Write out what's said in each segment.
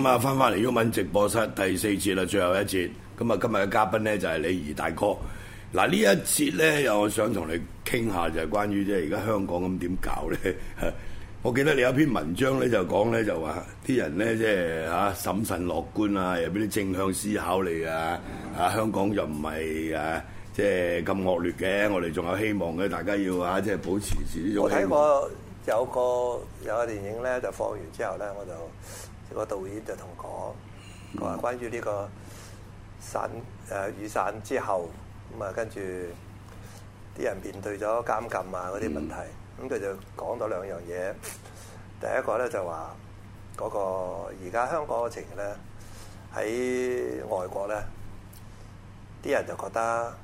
咁啊，翻翻嚟英文直播室第四節啦，最後一節。咁啊，今日嘅嘉賓咧就係李怡大哥。嗱，呢一節咧，又我想同你傾下，就係、是、關於即係而家香港咁點搞咧。我記得你有一篇文章咧、嗯，就講咧，就話啲人咧，即係嚇審慎樂觀啊，又俾啲正向思考你啊？啊、嗯，香港又唔係啊，即係咁惡劣嘅，我哋仲有希望嘅，大家要啊，即、就、係、是、保持住呢種。我睇過有個有個電影咧，就放完之後咧，我就。個導演就同講，佢話關於呢個傘誒、呃、雨傘之後，咁啊跟住啲人面對咗監禁啊嗰啲問題，咁、嗯、佢就講咗兩樣嘢。第一個咧就話，嗰、嗰個而家香港嘅情形咧喺外國咧，啲人就覺得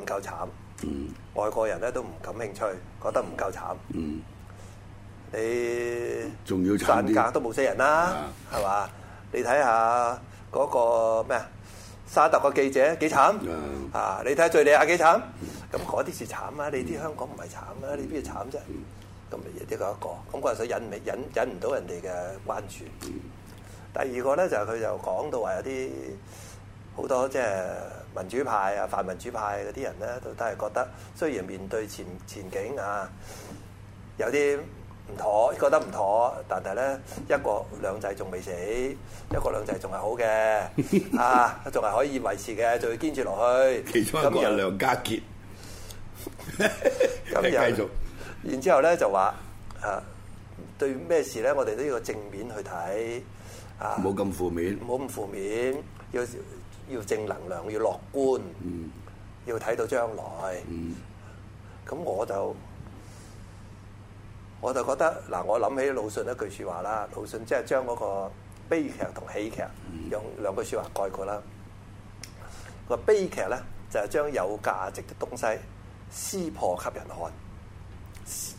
唔夠慘、嗯，外國人咧都唔感興趣，覺得唔夠慘。嗯你散架都冇死人啦，係嘛？你睇下嗰個咩啊？沙特個記者幾慘啊？你睇下敍利亞幾慘？咁嗰啲是慘啊！你啲香港唔係慘啊！你邊度慘啫？咁咪亦都有一個咁嗰陣時引未引引唔到人哋嘅關注。第二個咧就係佢就講到話有啲好多即係民主派啊、泛民主派嗰啲人咧都都係覺得雖然面對前前景啊有啲。唔妥，覺得唔妥，但係咧一國兩制仲未死，一國兩制仲係好嘅，啊，仲係可以維持嘅，仲要堅持落去。其中一個人梁家傑，咁又繼續，然之後咧就話，啊，對咩事咧，我哋都要正面去睇，啊，唔好咁負面，唔好咁負面，要要正能量，要樂觀，嗯，要睇到將來，嗯，咁我就。我就覺得嗱，我諗起魯迅一句説話啦。魯迅即係將嗰個悲劇同喜劇用兩句説話概括啦。個、嗯、悲劇咧就係將有價值嘅東西撕破給人看，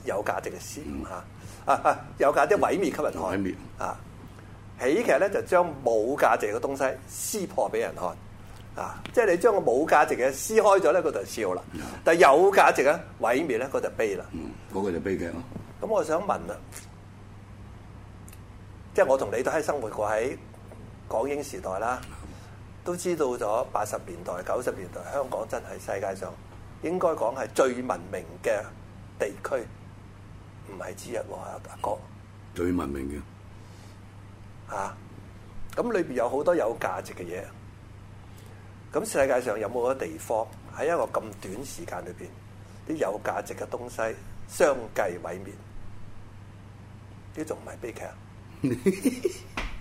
有價值嘅撕嚇啊、嗯、啊！有價值毀滅給人看、嗯啊、毀滅，人看毀滅啊。喜劇咧就將冇價值嘅東西撕破俾人看啊，即、就、係、是、你將個冇價值嘅撕開咗咧，嗰就笑啦。但係有價值咧，毀滅咧，嗰就悲啦。嗯，嗰、嗯嗰個就是悲劇咯。咁我想問啦，即係我同你都喺生活過喺港英時代啦，都知道咗八十年代、九十年代香港真係世界上應該講係最文明嘅地區，唔係之一喎。大哥，最文明嘅。咁裏面有好多有價值嘅嘢。咁世界上有冇一個地方喺一個咁短時間裏面啲有價值嘅東西相繼毀滅？呢啲仲唔係悲劇啊？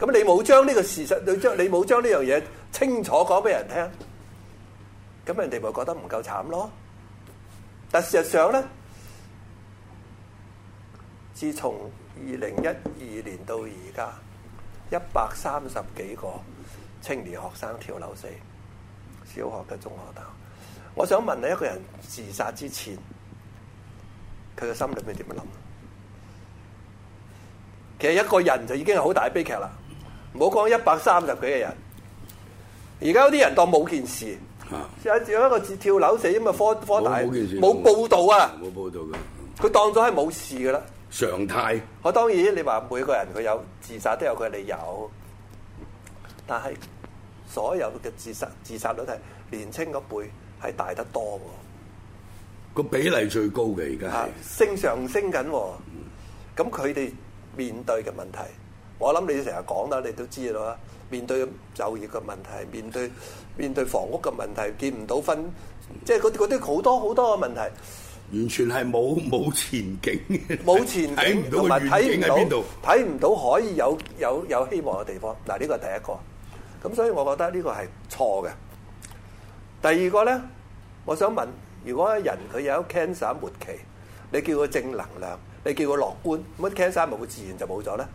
咁 你冇將呢個事實，你將你冇將呢樣嘢清楚講俾人聽，咁人哋咪覺得唔夠慘咯？但事實上咧，自從二零一二年到而家，一百三十幾個青年學生跳樓死，小學嘅、中學大學，我想問你：一個人自殺之前，佢嘅心裏面點樣諗？其實一個人就已經係好大悲劇啦！唔好講一百三十幾嘅人，而家有啲人當冇件事，有一個跳樓死，因為科科大冇報道啊，冇報道嘅，佢當咗係冇事噶啦，常態。我當然你話每個人佢有自殺都有佢理由，但係所有嘅自殺，自殺率係年輕嗰輩係大得多，個比例最高嘅而家升上，升緊，啊，咁佢哋。面對嘅問題，我諗你成日講啦，你都知啦。面對就業嘅問題，面對面對房屋嘅問題，見唔到分，即係嗰啲嗰啲好多好多嘅問題，完全係冇冇前景嘅，睇唔到嘅前景喺邊度，睇唔到可以有有有希望嘅地方。嗱，呢個係第一個，咁所以我覺得呢個係錯嘅。第二個咧，我想問，如果人佢有 cancer 末期，你叫佢正能量？你叫佢樂觀，乜 cancer 咪會自然就冇咗咧？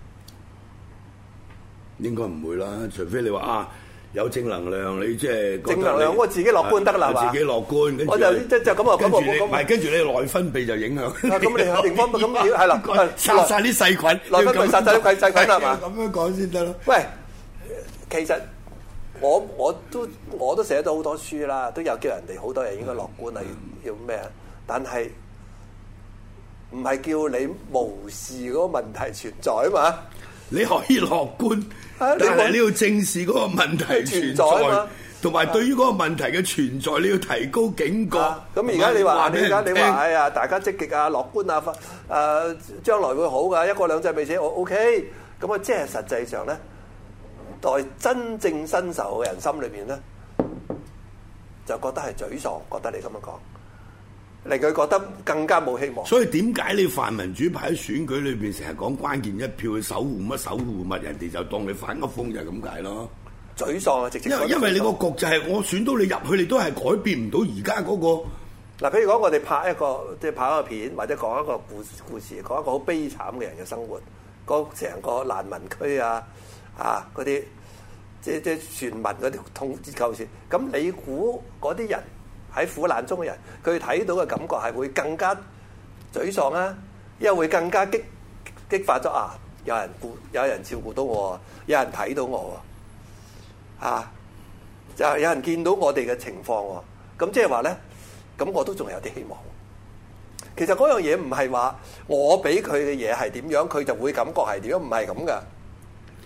應該唔會啦，除非你話啊，有正能量，你即係正能量，我自己樂觀得啦嘛。自己樂觀，我就即就咁啊。跟住你唔係跟住你內分泌就影響。咁你我認真咁，係啦，殺曬啲細菌，內分泌殺曬啲細細菌係嘛？咁樣講先得咯。喂，其實我我都我都寫咗好多書啦，都有叫人哋好多人應該樂觀啊，要要咩？但係。唔係叫你無視嗰個問題存在嘛，你可以樂觀，啊、你係你要正視嗰個問題存在咯，同、啊、埋對於嗰個問題嘅存在、啊，你要提高警覺。咁而家你話，而家你話、嗯，大家積極呀、啊、樂觀呀、啊啊，將來會好㗎。一國兩制未死，我 OK。咁啊，即係實際上呢，咧，在真正身受嘅人心裏面呢，就覺得係沮喪，覺得你咁樣講。令佢覺得更加冇希望。所以點解你泛民主派喺選舉裏邊成日講關鍵一票去守護乜守護乜？人哋就當你反個風就咁解咯。沮喪啊！直接因為因為你個局就係我選到你入去，你都係改變唔到而家嗰個。嗱，譬如講我哋拍一個即係拍一個片，或者講一個故故事，講一個好悲慘嘅人嘅生活，成個難民區啊啊嗰啲，即係即係全民嗰啲痛苦故事。咁你估嗰啲人？喺苦難中嘅人，佢睇到嘅感覺係會更加沮喪啊，又會更加激激發咗啊！有人顧，有人照顧到我，有人睇到我，啊，就有人見到我哋嘅情況。咁即係話咧，咁、就是、我都仲有啲希望。其實嗰樣嘢唔係話我俾佢嘅嘢係點樣，佢就會感覺係點樣，唔係咁噶。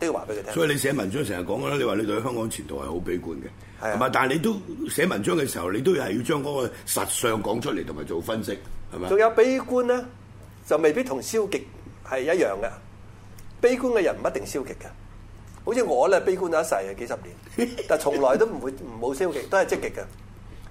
都要話俾佢聽。所以你寫文章成日講嘅啦，你話你對香港前途係好悲觀嘅，係嘛？但係你都寫文章嘅時候，你都係要將嗰個實相講出嚟，同埋做分析，係嘛？仲有悲觀咧，就未必同消極係一樣嘅。悲觀嘅人唔一定消極嘅，好似我咧，悲觀咗一世幾十年，但係從來都唔會唔冇消極，都係積極嘅。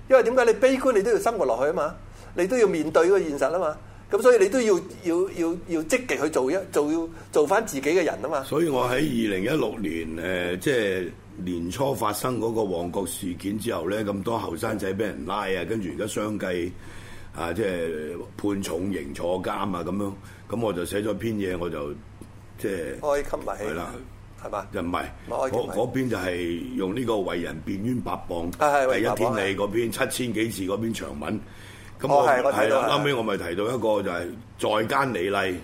因為點解你悲觀，你都要生活落去啊嘛，你都要面對個現實啊嘛。咁所以你都要要要要積極去做一做做翻自己嘅人啊嘛！所以我喺二零一六年即係、呃就是、年初發生嗰個旺角事件之後咧，咁多後生仔俾人拉啊，跟住而家相繼啊，即係判重刑坐監啊，咁樣咁我就寫咗篇嘢，我就即係開吸埋氣，係、就是、啦，係嘛？就唔係嗰嗰篇就係用呢個為人辯冤白謗是是冤第一天理嗰篇七千幾字嗰篇長文。咁我係咯，後屘我咪提到一個就係在奸李麗，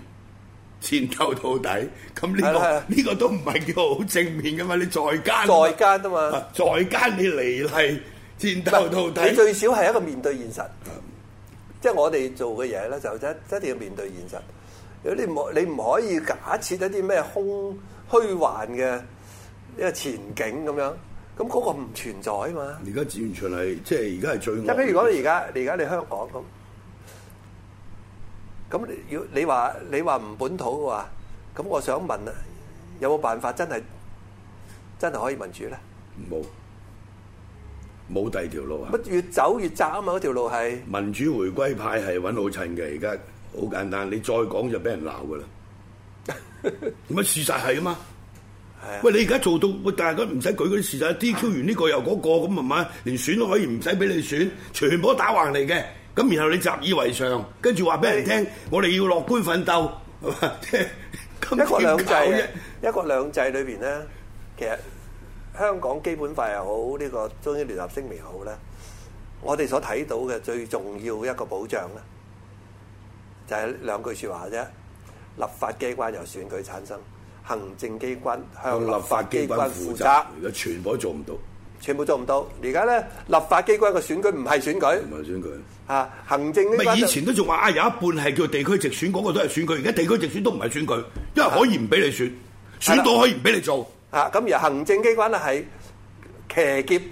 戰鬥到底。咁呢個呢個都唔係叫好正面噶嘛？你在奸，在奸吖嘛？在奸你李麗戰鬥到底，你最少係一個面對現實。即係我哋做嘅嘢咧，就一一定要面對現實。如果你冇你唔可以假設一啲咩空虛幻嘅一個前景咁樣。咁嗰個唔存在啊嘛！而家完全係即係而家係最，即係譬如講而家，而家你香港咁，咁你要你話你話唔本土嘅話，咁我想問啊，有冇辦法真係真係可以民主咧？冇，冇第二條路啊！咪越走越窄啊嘛！嗰條路係民主回歸派係搵老襯嘅，而家好簡單。你再講就俾人鬧噶啦，咁咪事實係啊嘛。啊、喂，你而家做到，但係都唔使舉嗰啲事實，DQ 完呢個又嗰、嗰個咁，係咪？連選都可以唔使俾你選，全部打橫嚟嘅。咁然後你習以為常，跟住話俾人聽、啊，我哋要樂觀奮鬥、啊 呢。一國兩制，一國兩制裏邊咧，其實香港基本法又好，呢、呢個《中英聯合聲明》又好咧，我哋所睇到嘅最重要一個保障咧，就係、係、兩句說話啫。立法機關由選舉產生。行政機關向立法機關負責，而家全部都做唔到，全部做唔到。而家咧，立法機關嘅選舉唔係選舉，唔係選舉啊！行政機關以前都仲話啊，有一半係叫地區直選，嗰個都係選舉。而家地區直選都唔係選舉，因為可以唔俾你選，選到可以唔俾你做啊。咁而行政機關咧係騎劫。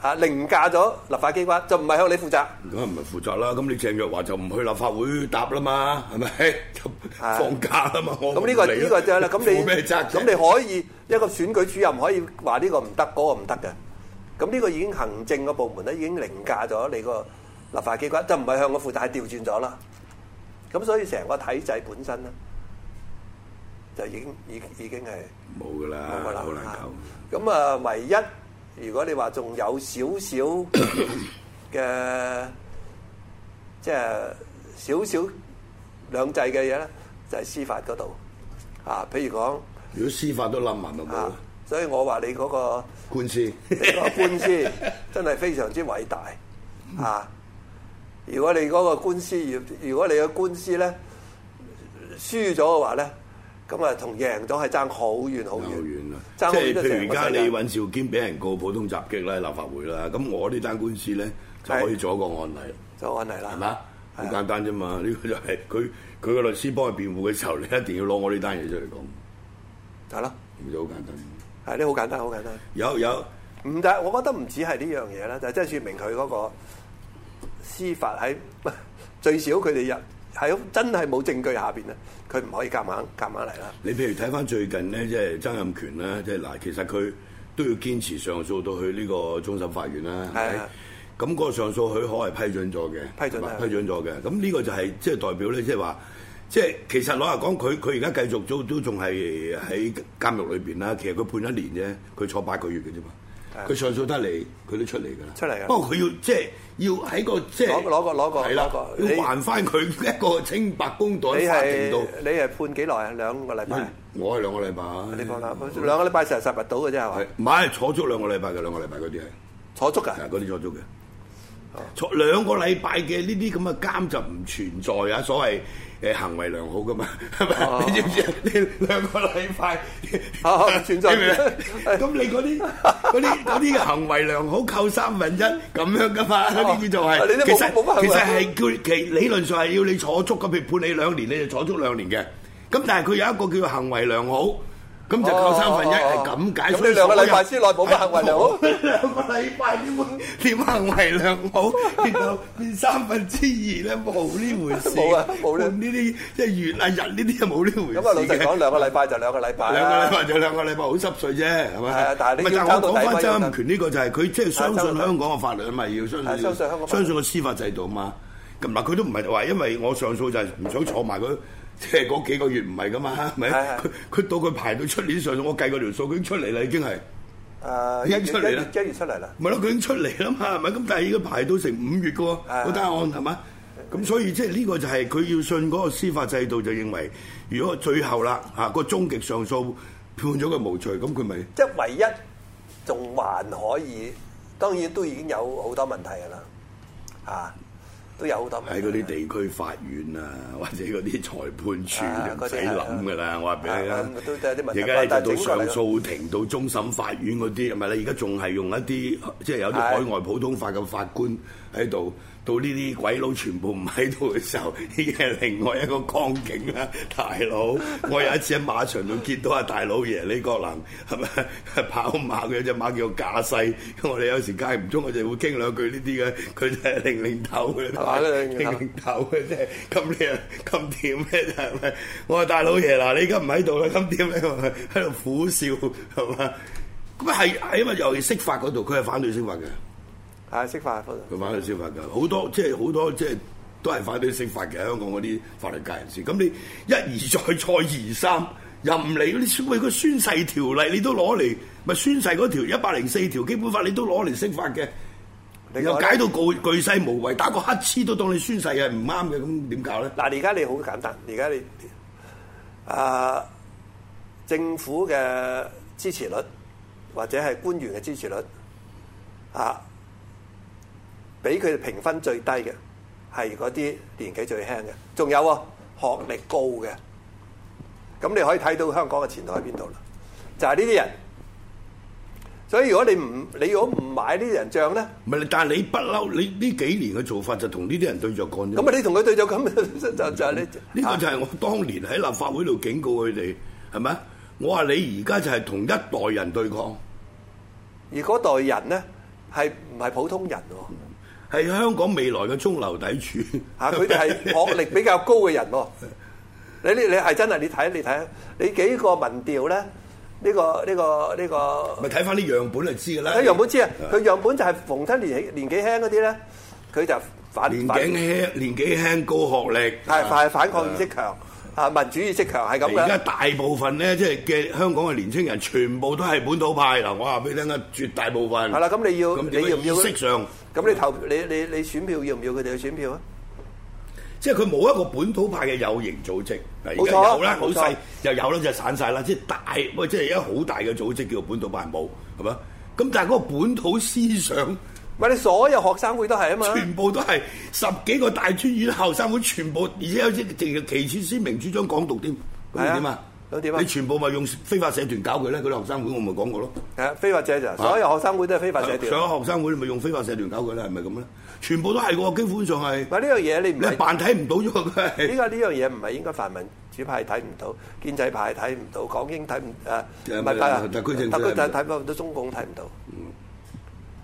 啊！凌駕咗立法機關，就唔係向你負責。咁啊，唔係負責啦。咁你鄭若驊就唔去立法會答啦嘛，係咪？放假啦嘛。咁呢個呢個啫啦。咁你咁你可以一個選舉主任可以話呢個唔得，嗰個唔得嘅。咁呢個已經行政個部門咧，已經凌駕咗你個立法機關，就唔係向我負責，係調轉咗啦。咁所以成個體制本身咧，就已經已已經係冇㗎啦，好難搞。咁啊，唯一。如果你話仲有少少嘅，即係少少兩制嘅嘢咧，就係、是、司法嗰度啊，譬如講，如果司法都冧埋咪冇，所以我話你嗰、嗰個官司，嗰 個官司真係非常之偉大啊！如果你嗰個官司，如如果你嘅官司咧輸咗嘅話咧。咁啊，同贏咗係爭好遠好遠，爭好遠即係譬如而家你尹兆堅俾人告普通襲擊啦，立法會啦，咁我呢單官司咧就可以做一個案例做案例啦，係嘛？好簡單啫嘛，呢個就係佢佢個律師幫佢辯護嘅時候，你一定要攞我呢單嘢出嚟講，係咯，咁就好簡單，係呢好簡單好簡單，有有唔但係我覺得唔止係呢樣嘢啦，就係即係說明佢嗰個司法喺 最少佢哋入。係咯，真係冇證據下邊咧，佢唔可以夾硬夾硬嚟啦。你譬如睇翻最近咧，即、嗯、係曾蔭權啦，即係嗱，其實佢都要堅持上訴到去呢個終審法院啦。係咁個上訴許可係批准咗嘅，批准是的，是的，批准咗嘅。咁呢個就係即係代表咧，即係話，即係其實攞嚟講，佢佢而家繼續都都仲係喺監獄裏面啦。其實佢判一年啫，佢坐八個月嘅啫嘛。佢上訴得嚟，佢都出嚟㗎啦。出嚟啊！不過佢要即係、就是、要喺個即係攞個攞個係啦，要還翻佢一個清白公道。你係你係判幾耐啊？兩個禮拜。我係兩個禮拜。啊。你講啦，兩個禮拜成日十日到嘅啫，係嘛？唔係坐足兩個禮拜嘅，兩個禮拜嗰啲係坐足㗎。係嗰啲坐足嘅。坐，的那些坐，的坐兩個禮拜嘅呢啲咁嘅監就唔存在啊！所謂。誒行為良好噶嘛，係、哦、咪？ 你知唔知？呢、哦、 兩個禮拜轉咁，你嗰啲啲啲行為良好扣三分一咁樣噶嘛？呢啲就係其實其實係叫其理論上係要你坐足咁，譬如判你兩年你就坐足兩年嘅。咁但係佢有一個叫行為良好。咁就扣三分一，係、oh, 咁、oh, oh. 解所。咁你兩個禮拜之內補行為良好、哎。兩個禮拜點點行為良好變變三分之二咧，冇呢回事。冇 啊，無論呢啲即係月啊人呢啲冇呢回事。咁、嗯、啊，我老實講兩個禮拜就兩個禮拜兩、啊、兩個禮拜就兩個禮拜，好濕碎啫，係咪、哎？但係我講翻曾蔭權呢個就係佢即係相信香港嘅法律啊嘛，要相信，哎、相信香港，相信個司法制度啊嘛。咁嗱，佢都唔係話，因為我上訴就係唔想坐埋佢。即係嗰幾個月唔係噶嘛，係咪佢佢到佢排到出年上訴，我計過條數，佢已經出嚟啦，已經係，誒、呃，已經出嚟啦，一月出嚟啦，咪咯，佢已經出嚟啦嘛，係咪咁，但係已經排到成五月嘅喎，是是是嗰個答案係咪？咁所以即係呢、這個就係、是、佢要信嗰個司法制度，就認為如果最後啦嚇、啊嗰個終極上訴判咗佢無罪，咁佢咪即係唯一仲還，還可以，當然都已經有好多問題噶啦，嚇、啊。都有喺嗰啲地區法院啊，或者嗰啲裁判處就唔使諗噶啦，我話俾你聽，而家直到上訴庭，到終審法院嗰啲，唔係啦，而家仲係用一啲即係有啲海外普通法嘅法官喺度。到呢啲鬼佬全部唔喺度嘅時候，已經係另外一個光景啦，大佬。我有一次喺馬場度見到阿大老爺李國能，係咪跑馬嘅隻馬叫做架勢？我哋有時間唔中，我哋會傾兩句呢啲嘅，佢就係零零頭嘅，零零、啊、零頭嘅，啫，係咁樣咁點咧？係咪？我話大老爺嗱，嗯、你而家唔喺度啦，咁點咧？佢喺度苦笑係咪？咁係因為，尤其是釋法嗰度，佢係反對釋法嘅。啊！釋法佢佢翻去釋法嘅，好多即係好多即係都係翻去釋法嘅。香港嗰啲法律界人士，咁你一而再，再而三，又唔理嗰啲所謂嘅宣誓條例，你都攞嚟咪宣誓嗰條一百零四條基本法，你都攞嚟釋法嘅，你又解到巨巨細無遺，打個乞嗤都當你宣誓係唔啱嘅，咁點搞咧？嗱，而家你好簡單，而家你啊、呃、政府嘅支持率，或者係官員嘅支持率，啊！俾佢哋評分最低嘅係嗰啲年紀最輕嘅，仲有啊學歷高嘅，咁你可以睇到香港嘅前途喺邊度啦，就係呢啲人。所以如果你唔你如果唔買呢啲人帳咧，唔係，但係你不嬲你呢幾年嘅做法就同呢啲人對着幹，幹。咁啊， 你同佢對著咁，就就你呢個就係我當年喺立法會度警告佢哋係咪？我話你而家就係同一代人對抗，而嗰代人咧係唔係普通人喎、啊？係香港未來嘅中流砥柱嚇，佢哋係學歷比較高嘅人喎。你呢？你係真係？你睇？你睇？你幾個民調咧？呢個呢個呢個？咪睇翻啲樣本就知㗎啦。睇樣本知啊，佢樣本就係逢親年年紀輕嗰啲咧，佢就反年紀輕，年紀輕高學歷，係反反抗意識強。民主意識強係咁啦。而家大部分咧，即係嘅香港嘅年青人，全部都係本土派。嗱，我話俾你聽啊，絕大部分。係啦，咁你要你要唔要？意識上。咁你投票，你你你選票要唔要佢哋嘅選票啊？即係佢冇一個本土派嘅有形組織。嗱，有啦，好細又有啦，就散晒啦。即係大，喂，即係而家好大嘅組織叫本土派冇，係咪啊？咁但係嗰個本土思想。唔你所有學生會都係啊嘛，全部都係十幾個大專院校學生會全部，而且有啲仲旗幟鮮明主張港獨添，咁點啊？咁、啊、點啊？你全部咪用非法社團搞佢咧？嗰啲學生會我咪講過咯。誒、啊，非法社團、啊，所有學生會都係非法社團。所有、啊、學生會咪用非法社團搞佢咧？係咪咁咧？全部都係喎，基本上係。唔呢樣嘢，你唔你扮睇唔到啫。依家呢樣嘢唔係應該泛民主派睇唔到，建制派睇唔到，港英睇唔誒？唔、啊、係啊，啊，特區政睇唔到，中共睇唔到。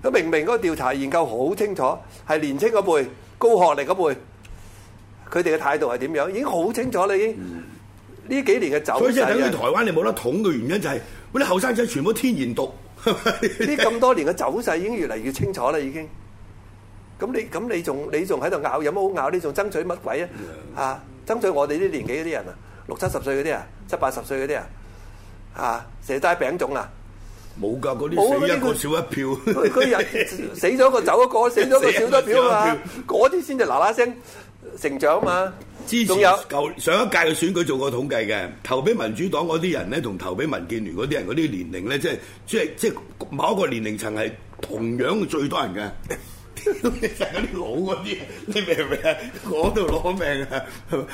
咁明明嗰個調查研究好清楚，係年青嗰輩、高學歷嗰輩，佢哋嘅態度係點樣？已經好清楚啦，已經呢幾年嘅走勢咧。所以即係等於台灣你冇得統嘅原因就係嗰啲後生仔全部天然毒，呢咁多年嘅走勢已經越嚟越清楚啦，已經。咁你咁你仲你仲喺度咬有冇好咬？你仲爭取乜鬼啊？啊，爭取我哋啲年紀嗰啲人啊，六七十歲嗰啲啊，七八十歲嗰啲啊，啊，蛇齋餅種啊！冇噶，嗰啲死一個少一票，佢又死咗個走一個，死咗個少得票嘛，嗰啲先至嗱嗱聲成長嘛。之前舊上一屆嘅選舉做過統計嘅，投俾民主黨嗰啲人咧，同投俾民建聯嗰啲人嗰啲年齡咧，即係即係即係某一個年齡層係同樣最多人嘅。就係嗰啲老嗰啲，你明唔明啊？嗰度攞命啊！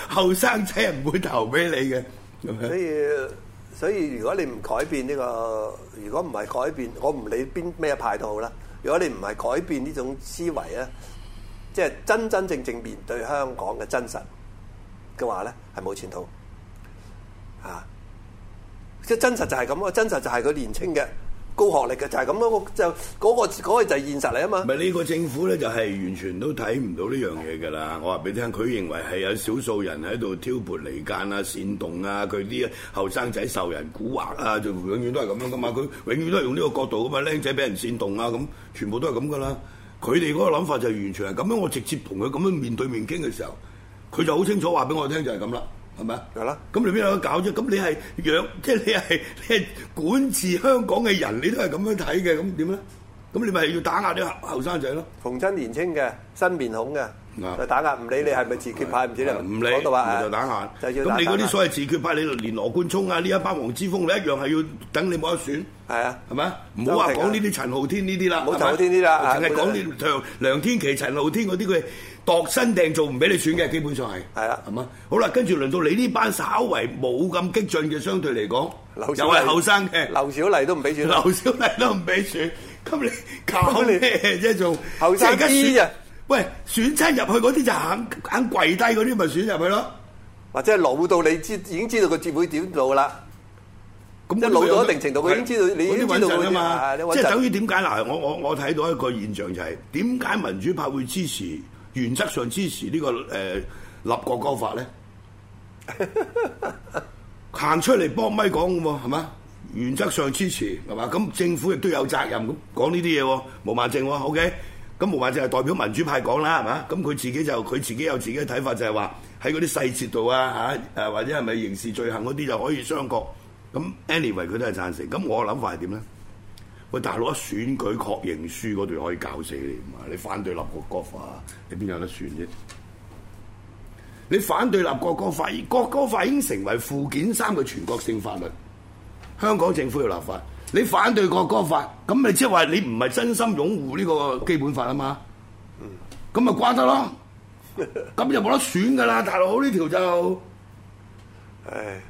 後生仔唔會投俾你嘅，所以。所以如果你唔改變呢個，如果唔係改變，我唔理邊咩派都好啦。如果你唔係改變呢種思維咧，即係真真正正面對香港嘅真實嘅話咧，係冇前途嚇。即係真實就係咁啊！真實就係佢年青嘅。高學歷嘅就係咁咯，就嗰個嗰個就係現實嚟啊嘛。唔係呢個政府咧，就係完全都睇唔到呢樣嘢㗎啦。我話俾你聽，佢認為係有少數人喺度挑撥離間啊、煽動啊，佢啲後生仔受人鼓惑啊，就永遠都係咁樣㗎嘛。佢永遠都係用呢個角度㗎嘛。僆仔俾人煽動啊，咁全部都係咁㗎啦。佢哋嗰個諗法就係完全係咁樣。我直接同佢咁樣面對面傾嘅時候，佢就好清楚話俾我聽就係咁啦。係咪啊？咁你邊有得搞啫？咁你係養，即係你係你係管治香港嘅人，你都係咁樣睇嘅，咁點咧？咁你咪要打壓啲後生仔咯？逢親年青嘅新面孔嘅，就打壓，唔理你係咪自決派唔知咧。唔理，我就打壓。就叫打壓。就咁你嗰啲所謂自決派，你連羅冠聰啊呢一班黃之鋒，你一樣係要等你冇得選。係啊，係咪啊？唔好話講呢啲陳浩天呢啲啦，陳浩天啲啦，淨係講呢梁天琦，陳浩天嗰啲佢。度身訂做唔俾你選嘅，基本上係係啊，係嘛？好啦，跟住輪到你呢班稍為冇咁激進嘅，相對嚟講又係後生嘅，劉小麗都唔俾選,選，劉小麗都唔俾選。咁你搞你，即係？做後生啲啊？喂，選親入去嗰啲就肯肯跪低嗰啲咪選入去咯？或者係老到你知已經知道佢會點做啦？咁即係老到一定程度，佢已經知道你呢啲揾陣啊嘛。啊即係等於點解嗱？我我我睇到一個現象就係點解民主派會支持？原則上支持呢、這個、呃、立國歌法咧，行 出嚟幫咪講喎，係嘛？原則上支持係嘛？咁政府亦都有責任咁講呢啲嘢喎，毛孟靜喎，OK？咁毛孟靜係代表民主派講啦，係嘛？咁佢自己就佢自己有自己嘅睇法，就係話喺嗰啲細節度啊嚇，或者係咪刑事罪行嗰啲就可以商榷咁，anyway 佢都係贊成。咁我諗法係點咧？喂，大佬，一選舉確認書嗰度可以搞死你嘛？你反對立國歌法，你邊有得選啫？你反對立國歌法，而國歌法已經成為附件三嘅全國性法律。香港政府要立法，你反對國歌法，咁咪即係話你唔係真心擁護呢個基本法啊嘛？嗯，咁咪瓜得咯，咁就冇得選噶啦，大佬，呢條就，誒。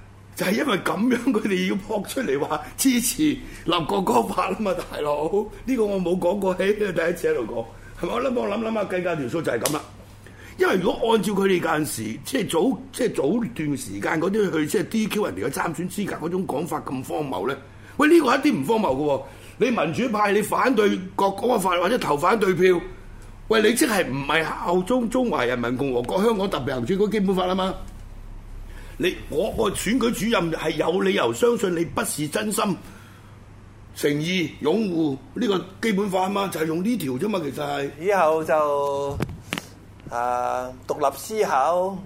就係因為咁樣，佢哋要撲出嚟話支持立國歌法啊嘛，大佬，呢個我冇講過喺第一次喺度講，係嘛？我諗，我諗諗啊，計價條數就係咁啦。因為如果按照佢哋嗰陣時即係早即係早段時間嗰啲去即係 DQ 人哋嘅參選資格嗰種講法咁荒謬咧，喂呢個一啲唔荒謬嘅喎，你民主派你反對國歌法或者投反對票，喂你即係唔係效忠中華人民共和國香港特別行政區基本法啊嘛？你我個選舉主任係有理由相信你不是真心誠意擁護呢、這個基本法吖嘛？就係、是、用呢條啫嘛，其實係以後就啊、呃、獨立思考。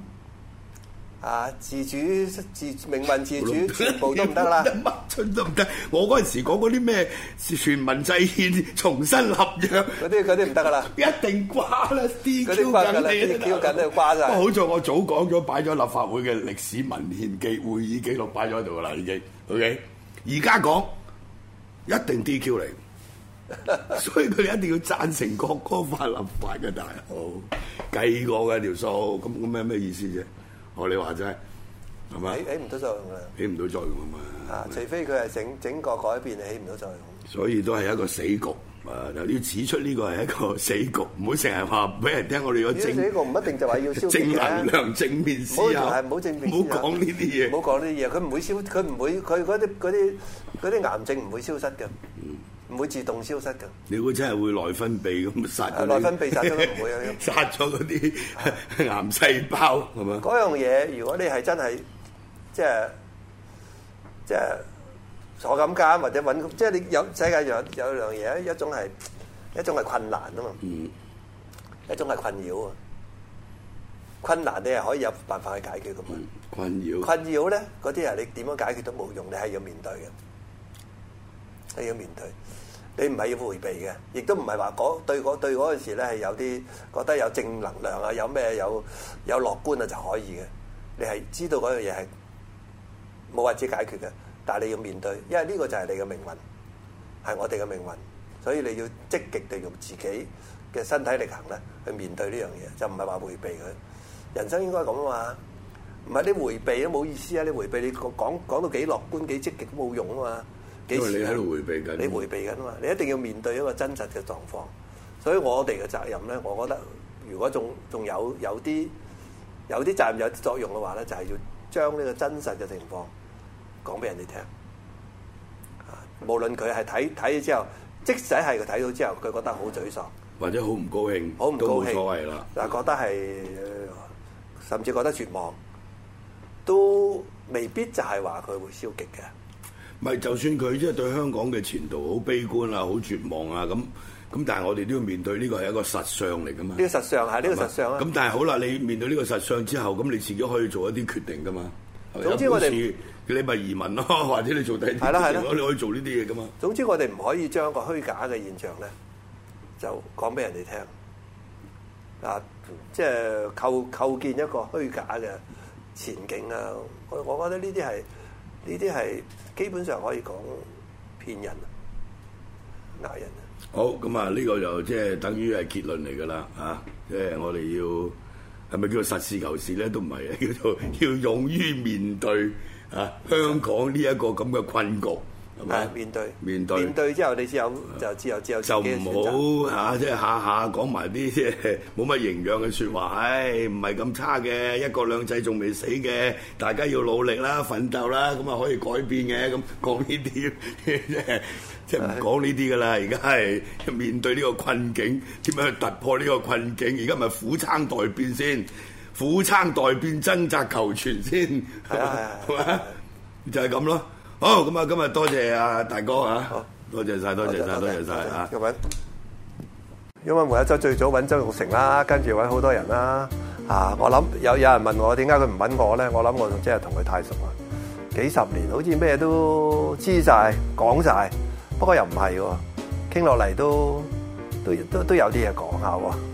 啊！自主、命運自主，全部都唔得啦，一乜春都唔得。我嗰陣時講嗰啲咩全民制憲、重新立約，嗰啲嗰啲唔得啦，一定掛啦。D Q 緊啲，D Q 要掛曬。不過好在我早講咗，擺咗立法會嘅歷史文獻記 會議記錄擺咗喺度啦，已、okay? 經。O K，而家講一定 D Q 嚟，所以佢哋一定要贊成國歌法立法嘅。大 佬計過嘅條、那個、數，咁咁咩咩意思啫？我你話齋係咪起唔到作用噶喇，起唔到作用啊嘛！啊，除非佢係整整個改變，起唔到作用。所以都係一個死局啊！你要指出呢個係一個死局，唔好成日話俾人聽我哋個正。死局唔一定就話要消。正能量、啊、正面思考。唔好係，唔好正面。唔好講呢啲嘢。唔好講呢啲嘢，佢唔會消，佢唔會，佢嗰啲嗰啲嗰啲癌症唔會消失㗎。嗯。唔會自動消失嘅。你估真係會內分泌咁殺咗？內分泌殺都唔會啊！殺咗嗰啲癌細胞係嘛？嗰樣嘢如果你係真係即係即係坐咁監或者揾工，即係你有世界上有兩樣嘢，一種係一種係困難啊嘛。嗯。一種係困擾喎。困難你係可以有辦法去解決嘅嘛？困擾。困擾咧，嗰啲人，你點樣解決都冇用，你係要面對嘅。你要面對，你唔係要回避嘅，亦都唔係話嗰對嗰對嗰陣時咧係有啲覺得有正能量啊，有咩有有樂觀啊就可以嘅。你係知道嗰樣嘢係冇法子解決嘅，但係你要面對，因為呢個就係你嘅命運，係我哋嘅命運，所以你要積極地用自己嘅身體力行咧去面對呢樣嘢，就唔係話回避佢。人生應該咁啊嘛，唔係你回避都冇意思啊！你回避你講講到幾樂觀幾積極都冇用啊嘛。時因為你喺度迴避緊，你迴避緊啊嘛！你一定要面對一個真實嘅狀況，所以我哋嘅責任咧，我覺得如果仲仲有有啲有啲責任有啲作用嘅話咧，就係要將呢個真實嘅情況講俾人哋聽。無無論佢係睇睇咗之後，即使係佢睇到之後，佢覺得好沮喪，或者好唔高，高興，都冇所謂啦。嗱，覺得係甚至覺得絕望，都未必就係話佢會消極嘅。唔，就算佢即係對香港嘅前途好悲觀啊，好絕望啊，咁咁，但係我哋都要面對呢個係一個實相嚟噶嘛。呢個實相係呢個實相啊。咁但係好啦，你面對呢個實相之後，咁你自己可以做一啲決定噶嘛。總之我哋你咪移民咯，或者你做第啲嘅嘢，你可以做呢啲嘢噶嘛。總之我哋唔可以將一個虛假嘅現象咧，就講俾人哋聽啊，即係構構建一個虛假嘅前景啊。我我覺得呢啲係。呢啲係基本上可以講騙人、捱人。好，咁啊呢個就即係等於係結論嚟㗎啦，啊！即、就、係、是、我哋要係咪叫做實事求是呢不是咧？都唔係，叫做要勇於面對啊香港呢一個咁嘅困局。係面對面對面對之後你，你自由就之後之後就唔好嚇，即、啊、係、啊就是、下下講埋啲即冇乜營養嘅説話。唉、哎，唔係咁差嘅，一國兩制仲未死嘅，大家要努力啦，奮鬥啦，咁啊可以改變嘅。咁講呢啲即係即係唔講呢啲噶啦。而家係面對呢個困境，點樣去突破呢個困境？而家咪苦撐待變先，苦撐待變，掙扎求全先，係咪啊？就係、是、咁咯。好咁，啊！今、oh. 日多謝阿大哥啊！多謝晒，多謝晒，多謝晒啊！因為每一週最早揾周玉成啦，跟住揾好多人啦。啊，我諗有有人問我點解佢唔揾我咧？我諗我真係同佢太熟啦，幾十年好似咩都知晒、講晒，不過又唔係喎。傾落嚟都都都都有啲嘢講下喎。